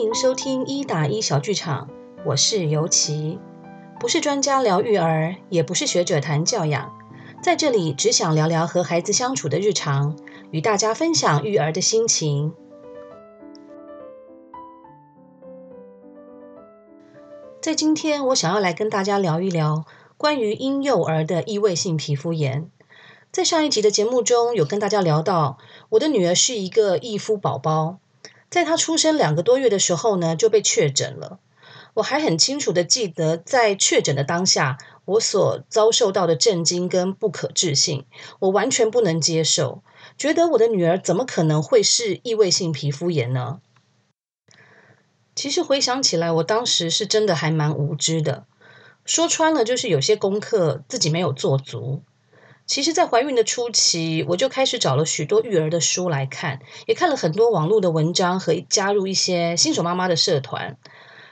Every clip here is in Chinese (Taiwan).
歡迎收聽一打一小劇場，我是尤琪，不是專家聊育兒，也不是學者談教養，在這裡只想聊聊和孩子相處的日常，與大家分享育兒的心情。在今天，我想要來跟大家聊一聊關於嬰幼兒的異位性皮膚炎。在上一集的節目中有跟大家聊到，我的女兒是一個異膚寶寶。在她出生兩個多月的時候呢，就被確診了。我還很清楚的記得，在確診的當下，我所遭受到的震驚跟不可置信，我完全不能接受，覺得我的女兒怎麼可能會是異位性皮膚炎呢？其實回想起來，我當時是真的還蠻無知的。說穿了，就是有些功課自己沒有做足。其實在懷孕的初期，我就開始找了許多育兒的書來看，也看了很多網絡的文章和加入一些新手媽媽的社團。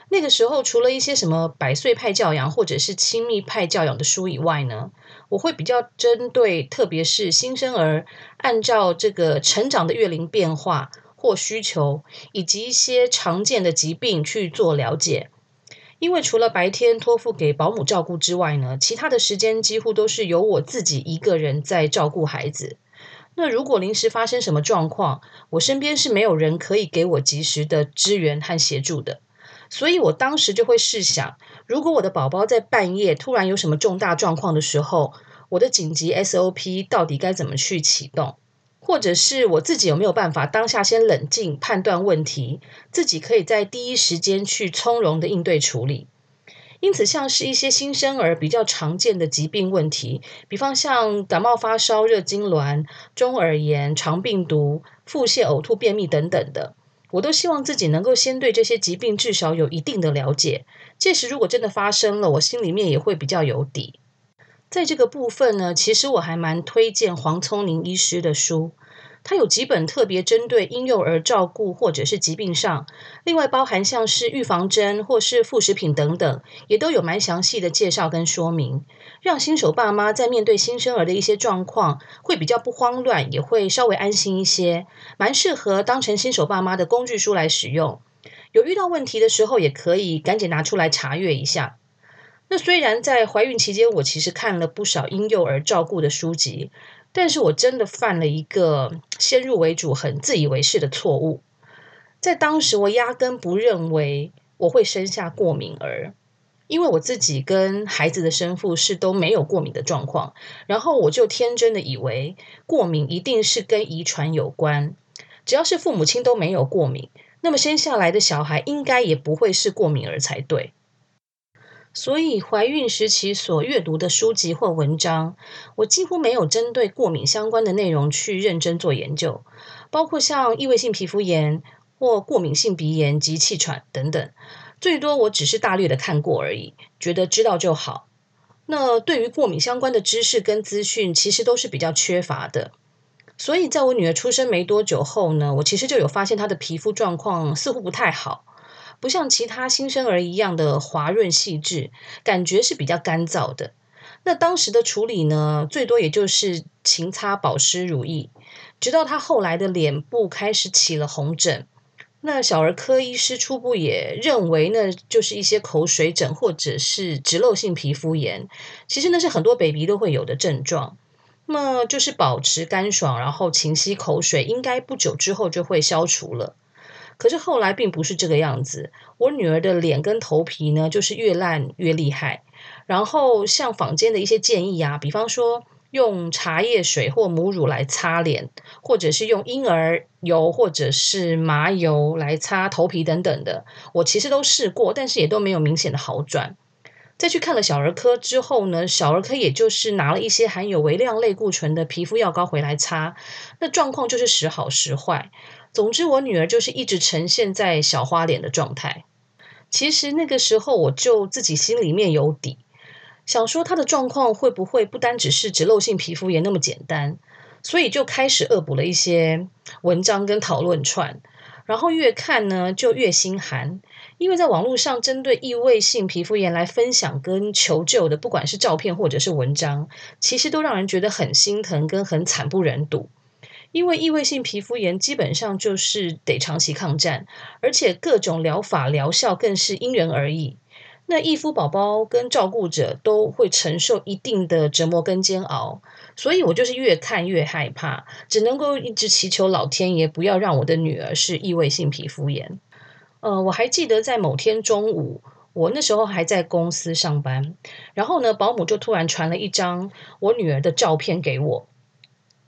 那個時候除了一些什麼百歲派教養或者是親密派教養的書以外呢，我會比較針對，特別是新生兒，按照這個成長的月齡變化或需求，以及一些常見的疾病去做了解。因為除了白天托付給保姆照顧之外呢，其他的時間幾乎都是由我自己一個人在照顧孩子。那如果臨時發生什麼狀況，我身邊是沒有人可以給我及時的支援和協助的。所以我當時就會試想，如果我的寶寶在半夜突然有什麼重大狀況的時候，我的緊急 SOP 到底該怎麼去啟動？或者是我自己有沒有辦法當下先冷靜判斷問題，自己可以在第一時間去從容的應對處理。因此，像是一些新生兒比較常見的疾病問題，比方像感冒發燒、熱痙攣、中耳炎、腸病毒、腹瀉、嘔吐、便秘等等的，我都希望自己能夠先對這些疾病至少有一定的了解。屆時如果真的發生了，我心裡面也會比較有底。在這個部分呢，其實我還蠻推薦黃瑽寧醫師的書，他有幾本特別針對嬰幼兒照顧或者是疾病上，另外包含像是預防針或是副食品等等，也都有蠻詳細的介紹跟說明，讓新手爸媽在面對新生兒的一些狀況會比較不慌亂，也會稍微安心一些，蠻適合當成新手爸媽的工具書來使用，有遇到問題的時候也可以趕緊拿出來查閱一下。那雖然在懷孕期間，我其實看了不少嬰幼兒照顧的書籍，但是我真的犯了一個先入為主、很自以為是的錯誤。在當時，我壓根不認為我會生下過敏兒，因為我自己跟孩子的生父是都沒有過敏的狀況。然後，我就天真的以為過敏一定是跟遺傳有關，只要是父母親都沒有過敏，那麼生下來的小孩應該也不會是過敏兒才對。所以，懷孕時期所閱讀的書籍或文章，我幾乎沒有針對過敏相關的內容去認真做研究，包括像異位性皮膚炎或過敏性鼻炎及氣喘等等。最多我只是大略的看過而已，覺得知道就好。那對於過敏相關的知識跟資訊，其實都是比較缺乏的。所以，在我女兒出生沒多久後呢，我其實就有發現她的皮膚狀況似乎不太好。不像其他新生兒一樣的滑潤細緻，感覺是比較乾燥的。那當時的處理呢，最多也就是勤擦、擦保濕乳液。直到他後來的臉部開始起了紅疹，那小兒科醫師初步也認為呢，就是一些口水疹或者是脂漏性皮膚炎。其實那是很多 baby 都會有的症狀。那麼就是保持乾爽，然後勤吸口水，應該不久之後就會消除了。可是後來並不是這個樣子，我女兒的臉跟頭皮呢，就是越爛越厲害。然後像坊間的一些建議啊，比方說用茶葉水或母乳來擦臉，或者是用嬰兒油或者是麻油來擦頭皮等等的，我其實都試過，但是也都沒有明顯的好轉。再去看了小兒科之後呢，小兒科也就是拿了一些含有微量類固醇的皮膚藥膏回來擦，那狀況就是時好時壞。總之，我女兒就是一直呈現在小花臉的狀態。其實那個時候，我就自己心裡面有底，想說她的狀況會不會不單只是脂漏性皮膚炎那麼簡單，所以就開始惡補了一些文章跟討論串。然後越看呢就越心寒，因為在網絡上針對異位性皮膚炎來分享跟求救的，不管是照片或者是文章，其實都讓人覺得很心疼跟很慘不忍睹。因為異位性皮膚炎基本上就是得長期抗戰，而且各種療法療效更是因人而異。那異膚寶寶跟照顧者都會承受一定的折磨跟煎熬，所以我就是越看越害怕，只能夠一直祈求老天爺不要讓我的女兒是異位性皮膚炎。呃，我還記得在某天中午，我那時候還在公司上班，然後呢，保姆就突然傳了一張我女兒的照片給我。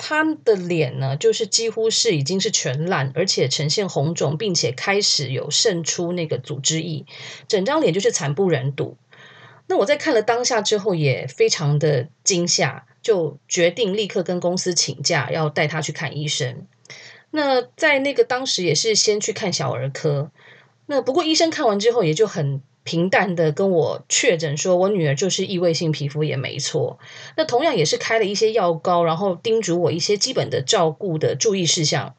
他的臉呢，就是幾乎是已經是全爛，而且呈現紅腫，並且開始有滲出那個組織液，整張臉就是慘不忍睹。那我在看了當下之後，也非常的驚嚇，就決定立刻跟公司請假，要帶他去看醫生。那在那個當時也是先去看小兒科，那不過醫生看完之後，也就很平淡的跟我確診說，我女兒就是異位性皮膚也沒錯。那同樣也是開了一些藥膏，然後叮囑我一些基本的照顧的注意事項。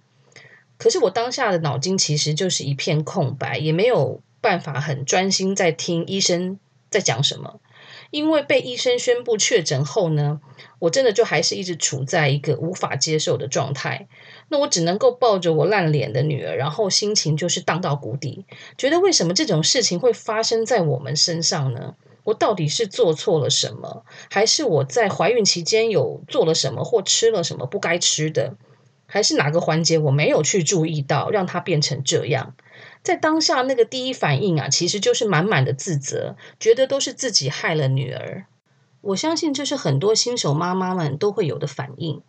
可是我當下的腦筋其實就是一片空白，也沒有辦法很專心在聽醫生在講什麼。因為被醫生宣布確診後呢，我真的就還是一直處在一個無法接受的狀態。那我只能夠抱着我爛臉的女兒，然後心情就是盪到谷底，覺得為什麼這種事情會發生在我們身上呢？我到底是做錯了什麼，還是我在懷孕期間有做了什麼或吃了什麼不該吃的，還是哪個環節我沒有去注意到，讓她變成這樣？在當下那個第一反應啊，其實就是滿滿的自責，覺得都是自己害了女兒。我相信這是很多新手媽媽們都會有的反應。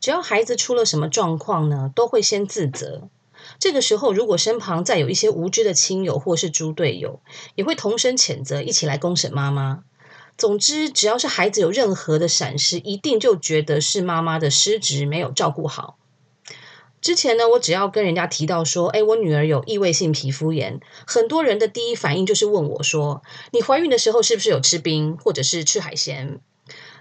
只要孩子出了什麼狀況呢，都會先自責。這個時候，如果身旁再有一些無知的親友或是豬隊友，也會同聲譴責，一起來公審媽媽。總之，只要是孩子有任何的閃失，一定就覺得是媽媽的失職，沒有照顧好。之前呢，我只要跟人家提到說，誒，我女兒有異位性皮膚炎，很多人的第一反應就是問我說，你懷孕的時候是不是有吃冰，或者是吃海鮮？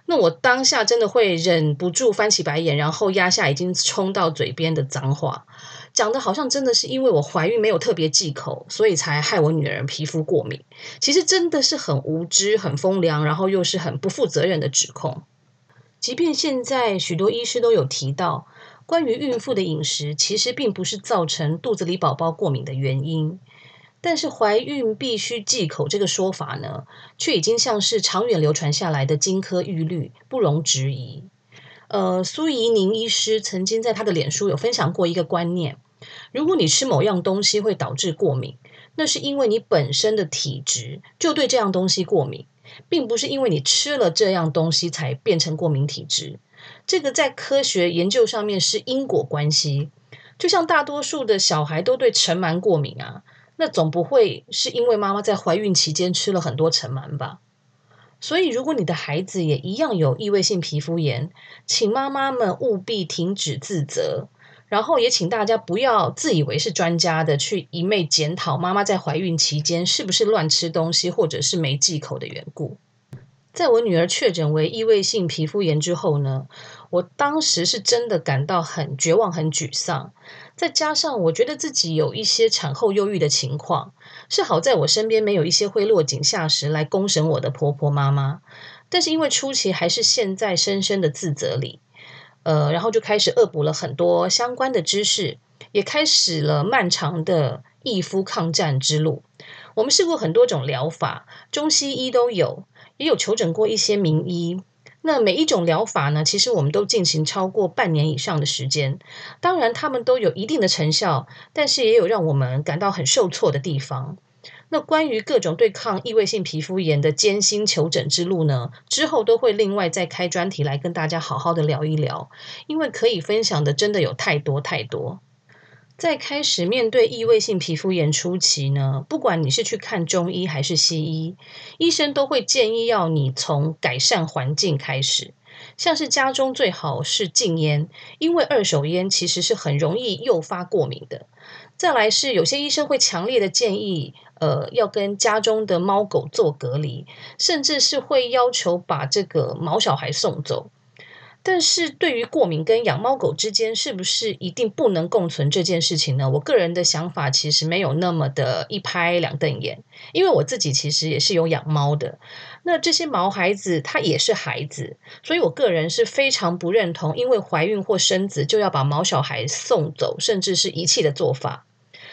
那我當下真的會忍不住翻起白眼，然後壓下已經衝到嘴邊的髒話，講的好像真的是因為我懷孕沒有特別忌口，所以才害我女兒皮膚過敏。其實真的是很無知、很風涼，然後又是很不負責任的指控。即便現在許多醫師都有提到，關於孕婦的飲食，其實並不是造成肚子裡寶寶過敏的原因。但是懷孕必須忌口這個說法呢，卻已經像是長遠流傳下來的金科玉律，不容置疑。呃，蘇怡寧醫師曾經在他的臉書有分享過一個觀念：如果你吃某樣東西會導致過敏，那是因為你本身的體質就對這樣東西過敏，並不是因為你吃了這樣東西才變成過敏體質。這個在科學研究上面是因果關係。就像大多數的小孩都對塵蟎過敏啊。那總不會是因為媽媽在懷孕期間吃了很多塵蟎吧？所以，如果你的孩子也一樣有異位性皮膚炎，請媽媽們務必停止自責，然後也請大家不要自以為是專家的去一昧檢討媽媽在懷孕期間是不是亂吃東西，或者是沒忌口的緣故。在我女兒確診為異位性皮膚炎之後呢，我當時是真的感到很絕望、很沮喪。再加上我覺得自己有一些產後憂鬱的情況，是好在我身邊沒有一些會落井下石來公審我的婆婆媽媽。但是因為初期還是陷在深深的自責裡，呃，然後就開始惡補了很多相關的知識，也開始了漫長的異膚抗戰之路。我們試過很多種療法，中西醫都有。也有求診過一些名醫，那每一種療法呢，其實我們都進行超過半年以上的時間，當然他們都有一定的成效，但是也有讓我們感到很受挫的地方。那關於各種對抗異位性皮膚炎的艱辛求診之路呢，之後都會另外再開專題來跟大家好好的聊一聊，因為可以分享的真的有太多太多。在開始面對異位性皮膚炎初期呢，不管你是去看中醫還是西醫，醫生都會建議要你從改善環境開始，像是家中最好是禁菸，因為二手菸其實是很容易誘發過敏的。再來是有些醫生會強烈的建議，呃，要跟家中的貓狗做隔離，甚至是會要求把這個毛小孩送走。但是對於過敏跟養貓狗之間是不是一定不能共存這件事情呢？我個人的想法其實沒有那麼的一拍兩瞪眼，因為我自己其實也是有養貓的，那這些毛孩子他也是孩子，所以我個人是非常不認同，因為懷孕或生子就要把毛小孩送走，甚至是遺棄的做法。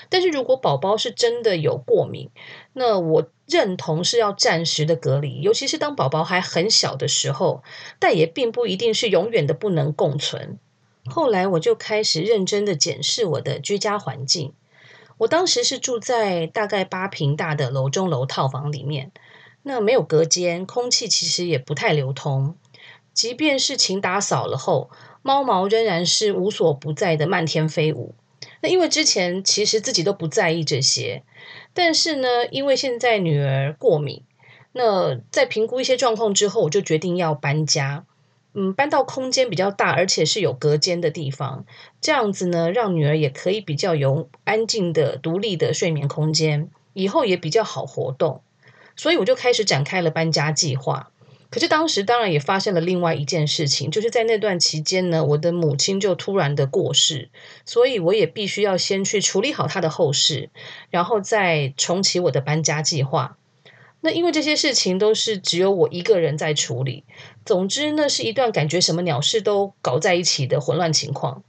但是如果寶寶是真的有過敏，那我認同是要暫時的隔離，尤其是當寶寶還很小的時候，但也並不一定是永遠的不能共存。後來我就開始認真的檢視我的居家環境。我當時是住在大概八坪大的樓中樓套房裡面，那沒有隔間，空氣其實也不太流通。即便是勤打掃了後，貓毛仍然是無所不在的漫天飛舞。那因為之前其實自己都不在意這些。但是呢，因為現在女兒過敏，那在評估一些狀況之後，我就決定要搬家。嗯，搬到空間比較大，而且是有隔間的地方，這樣子呢，讓女兒也可以比較有安靜的、獨立的睡眠空間，以後也比較好活動。所以我就開始展開了搬家計劃。可是當時當然也發生了另外一件事情，就是在那段期間呢，我的母親就突然的過世，所以我也必須要先去處理好她的後事，然後再重啟我的搬家計劃。那因為這些事情都是只有我一個人在處理，總之那是一段感覺什麼鳥事都搞在一起的混亂情況，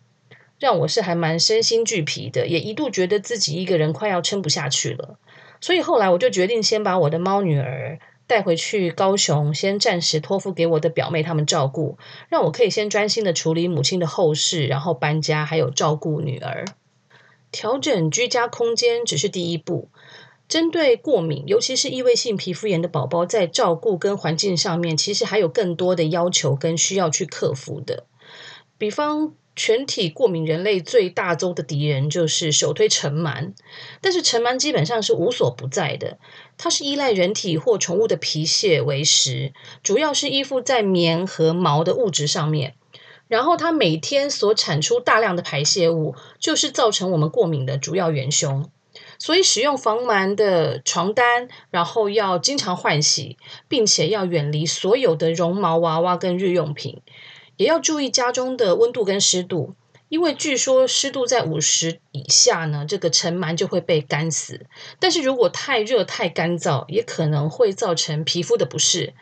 讓我是還蠻身心俱疲的，也一度覺得自己一個人快要撐不下去了。所以後來我就決定先把我的貓女兒，帶回去高雄，先暫時托付給我的表妹他們照顧，讓我可以先專心地處理母親的後事，然後搬家，還有照顧女兒。調整居家空間只是第一步，針對過敏，尤其是異位性皮膚炎的寶寶，在照顧跟環境上面，其實還有更多的要求跟需要去克服的，比方。全體過敏人類最大宗的敵人就是首推塵蟎，但是塵蟎基本上是無所不在的，它是依賴人體或寵物的皮屑為食，主要是依附在棉和毛的物質上面，然後它每天所產出大量的排泄物，就是造成我們過敏的主要元兇。所以使用防蟎的床單，然後要經常換洗，並且要遠離所有的絨毛娃娃跟日用品。也要注意家中的溫度跟濕度，因為據說濕度在五十以下呢，這個塵蟎就會被乾死。但是如果太熱太乾燥，也可能會造成皮膚的不適。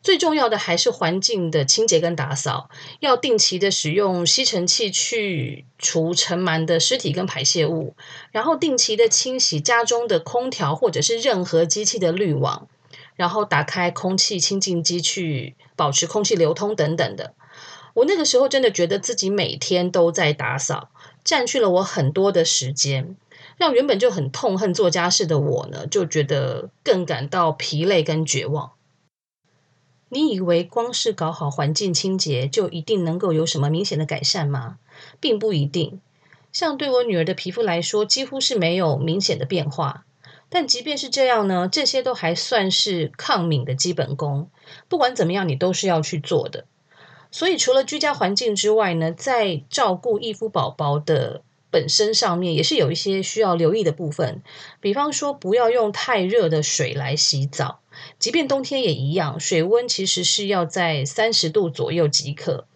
最重要的還是環境的清潔跟打掃，要定期的使用吸塵器去除塵蟎的屍體跟排泄物，然後定期的清洗家中的空調或者是任何機器的濾網。然後打開空氣清淨機去保持空氣流通等等的。我那個時候真的覺得自己每天都在打掃，佔據了我很多的時間，讓原本就很痛恨做家事的我呢，就覺得更感到疲累跟絕望。你以為光是搞好環境清潔就一定能夠有什麼明顯的改善嗎？並不一定。像對我女兒的皮膚來說，幾乎是沒有明顯的變化。但即便是這樣呢，這些都還算是抗敏的基本功。不管怎麼樣，你都是要去做的。所以，除了居家環境之外呢，在照顧異膚寶寶的本身上面，也是有一些需要留意的部分。比方說，不要用太熱的水來洗澡，即便冬天也一樣。水溫其實是要在三十度左右即可，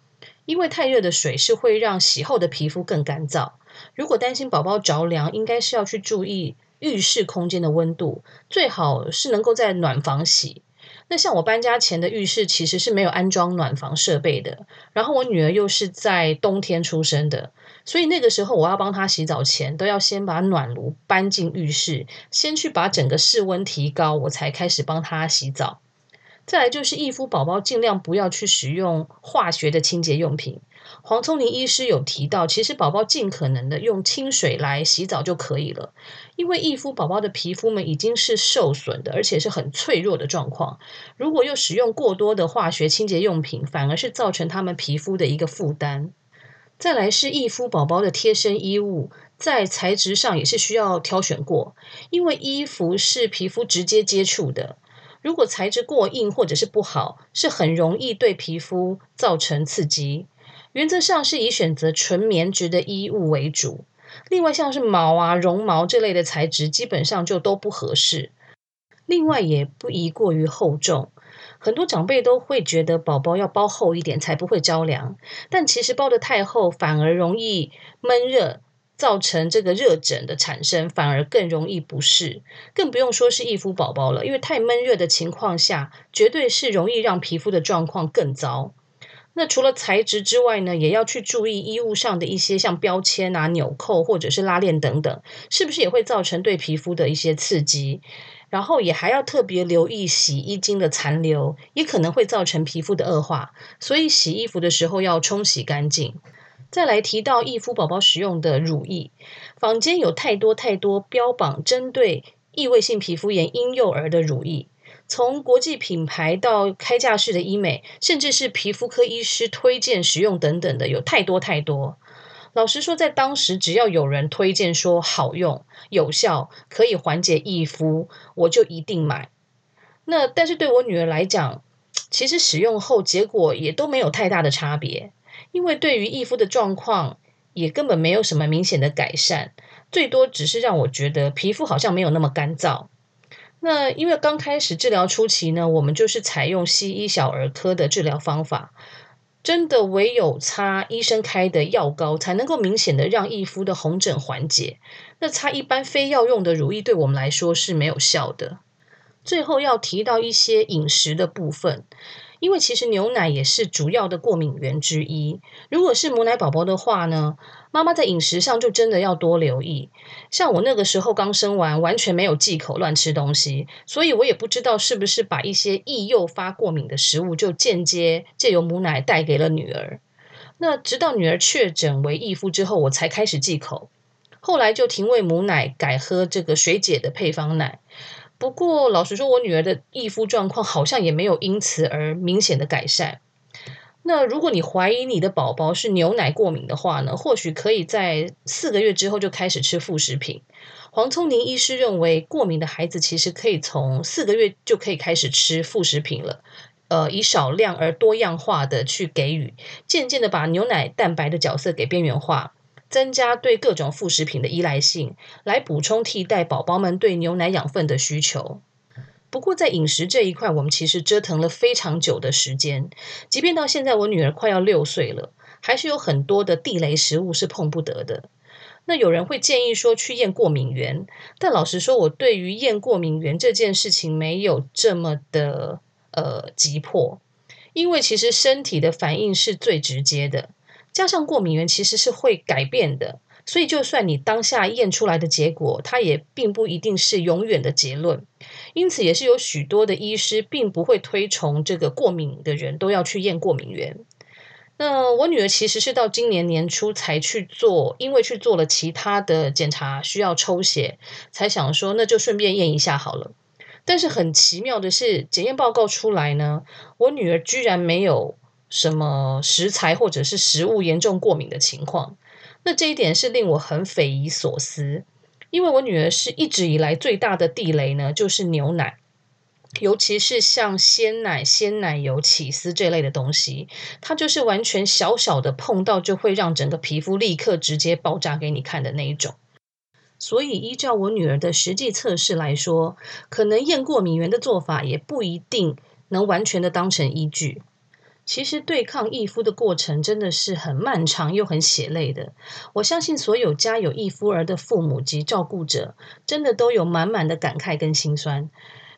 因為太熱的水是會讓洗後的皮膚更乾燥。如果擔心寶寶着涼，應該是要去注意。浴室空間的溫度最好是能夠在暖房洗。那像我搬家前的浴室其實是沒有安裝暖房設備的，然後我女兒又是在冬天出生的，所以那個時候我要幫她洗澡前都要先把暖爐搬進浴室，先去把整個室溫提高，我才開始幫她洗澡。再來就是異膚寶寶盡量不要去使用化學的清潔用品。黃聰明醫師有提到，其實寶寶儘可能的用清水來洗澡就可以了，因為異膚寶寶的皮膚們已經是受損的，而且是很脆弱的狀況。如果又使用過多的化學清潔用品，反而是造成他們皮膚的一個負擔。再來是異膚寶寶的貼身衣物，在材質上也是需要挑選過，因為衣服是皮膚直接接觸的，如果材質過硬或者是不好，是很容易對皮膚造成刺激，原則上是以選擇純棉質的衣物為主，另外像是毛啊、絨毛這類的材質，基本上就都不合適。另外也不宜過於厚重，很多長輩都會覺得寶寶要包厚一點才不會着涼，但其實包得太厚反而容易悶熱，造成這個熱疹的產生，反而更容易不適，更不用說是異膚寶寶了，因為太悶熱的情況下，絕對是容易讓皮膚的狀況更糟。那除了材質之外呢，也要去注意衣物上的一些像標籤啊、紐扣或者是拉鏈等等，是不是也會造成對皮膚的一些刺激？然後也還要特別留意洗衣精的殘留，也可能會造成皮膚的惡化。所以洗衣服的時候要沖洗乾淨。再來提到異膚寶寶使用的乳液，坊間有太多太多標榜針對異位性皮膚炎嬰幼兒的乳液。從國際品牌到開架式的醫美，甚至是皮膚科醫師推薦使用等等的，有太多太多。老實說，在當時只要有人推薦說好用、有效、可以緩解異膚，我就一定買。那但是對我女兒來講，其實使用後結果也都沒有太大的差別，因為對於異膚的狀況也根本沒有什麼明顯的改善，最多只是讓我覺得皮膚好像沒有那麼乾燥。那因為剛開始治療初期呢，我們就是採用西醫小兒科的治療方法，真的唯有擦醫生開的藥膏，才能夠明顯的讓異膚的紅疹緩解。那擦一般非藥用的乳液，對我們來說是沒有效的。最後要提到一些飲食的部分。因為其實牛奶也是主要的過敏源之一。如果是母奶寶寶的話呢，媽媽在飲食上就真的要多留意。像我那個時候剛生完，完全沒有忌口，亂吃東西，所以我也不知道是不是把一些易誘發過敏的食物就間接借由母奶帶給了女兒。那直到女兒確診為異膚之後，我才開始忌口，後來就停餵母奶，改喝這個水解的配方奶。不過，老實說，我女兒的異膚狀況好像也沒有因此而明顯的改善。那如果你懷疑你的寶寶是牛奶過敏的話呢，或許可以在四個月之後就開始吃副食品。黃聰寧醫師認為，過敏的孩子其實可以從四個月就可以開始吃副食品了。呃，以少量而多樣化的去給予，漸漸的把牛奶蛋白的角色給邊緣化。增加對各種副食品的依賴性，來補充替代寶寶們對牛奶養分的需求。不過，在飲食這一塊，我們其實折騰了非常久的時間。即便到現在，我女兒快要六歲了，還是有很多的地雷食物是碰不得的。那有人會建議說去驗過敏原，但老實說，我對於驗過敏原這件事情沒有這麼的呃急迫，因為其實身體的反應是最直接的。加上過敏原其實是會改變的，所以就算你當下驗出來的結果，它也並不一定是永遠的結論。因此，也是有許多的醫師並不會推崇這個過敏的人都要去驗過敏原。那我女兒其實是到今年年初才去做，因為去做了其他的檢查需要抽血，才想說那就順便驗一下好了。但是很奇妙的是，檢驗報告出來呢，我女兒居然沒有什麼食材或者是食物嚴重過敏的情況，那這一點是令我很匪夷所思，因為我女兒是一直以來最大的地雷呢，就是牛奶，尤其是像鮮奶、鮮奶油、起司這類的東西，它就是完全小小的碰到就會讓整個皮膚立刻直接爆炸給你看的那一種。所以依照我女兒的實際測試來說，可能驗過敏原的做法也不一定能完全的當成依據。其實對抗異膚的過程真的是很漫長又很血淚的。我相信所有家有異膚兒的父母及照顧者，真的都有滿滿的感慨跟心酸，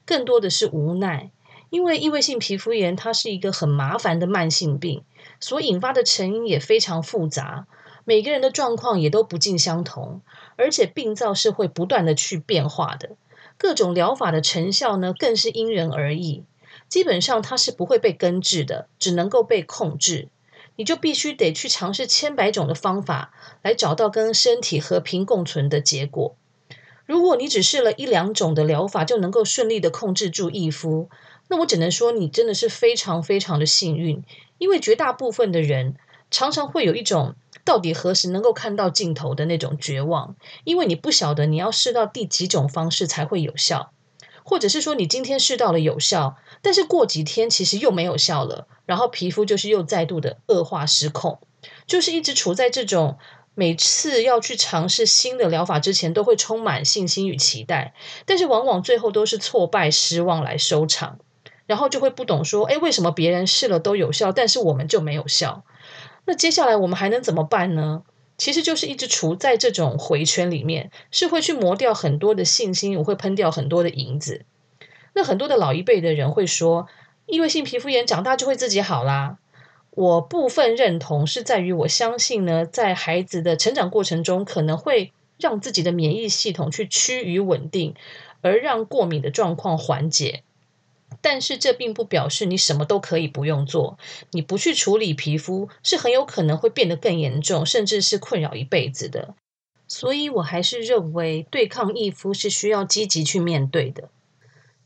更多的是無奈。因為異位性皮膚炎它是一個很麻煩的慢性病，所引發的成因也非常複雜，每個人的狀況也都不盡相同，而且病灶是會不斷的去變化的，各種療法的成效呢，更是因人而異。基本上它是不會被根治的，只能夠被控制。你就必須得去嘗試千百種的方法，來找到跟身體和平共存的結果。如果你只試了一兩種的療法，就能夠順利的控制住異膚，那我只能說你真的是非常非常的幸運。因為絕大部分的人常常會有一種到底何時能夠看到盡頭的那種絕望，因為你不曉得你要試到第幾種方式才會有效。或者是說你今天試到了有效，但是過幾天其實又沒有效了，然後皮膚就是又再度的惡化失控，就是一直處在這種每次要去嘗試新的療法之前都會充滿信心與期待，但是往往最後都是挫敗失望來收場，然後就會不懂說，哎，為什麼別人試了都有效，但是我們就沒有效？那接下來我們還能怎麼辦呢？其實就是一直處在這種回圈裡面，是會去磨掉很多的信心，我會噴掉很多的銀子。那很多的老一輩的人會說，異位性皮膚炎長大就會自己好啦。我部分認同是在於，我相信呢，在孩子的成長過程中，可能會讓自己的免疫系統去趨於穩定，而讓過敏的狀況緩解。但是這並不表示你什麼都可以不用做，你不去處理皮膚是很有可能會變得更嚴重，甚至是困擾一輩子的。所以我還是認為對抗異膚是需要積極去面對的。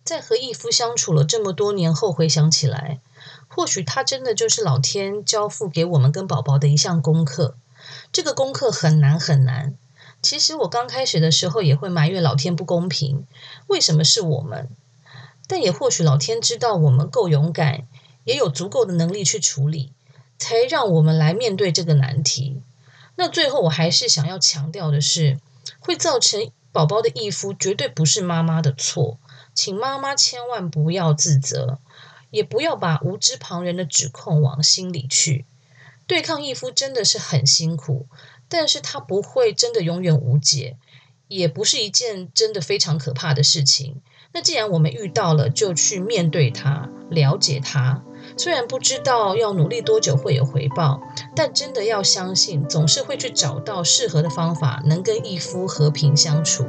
在和異膚相處了這麼多年後，回想起來，或許他真的就是老天交付給我們跟寶寶的一項功課。這個功課很難很難。其實我剛開始的時候也會埋怨老天不公平，為什麼是我們？但也或許老天知道我們夠勇敢，也有足夠的能力去處理，才讓我們來面對這個難題。那最後我還是想要強調的是，會造成寶寶的異膚絕對不是媽媽的錯，請媽媽千萬不要自責，也不要把無知旁人的指控往心裡去。對抗異膚真的是很辛苦，但是他不會真的永遠無解，也不是一件真的非常可怕的事情。那既然我們遇到了，就去面對它，了解它。雖然不知道要努力多久會有回報，但真的要相信，總是會去找到適合的方法，能跟異膚和平相處。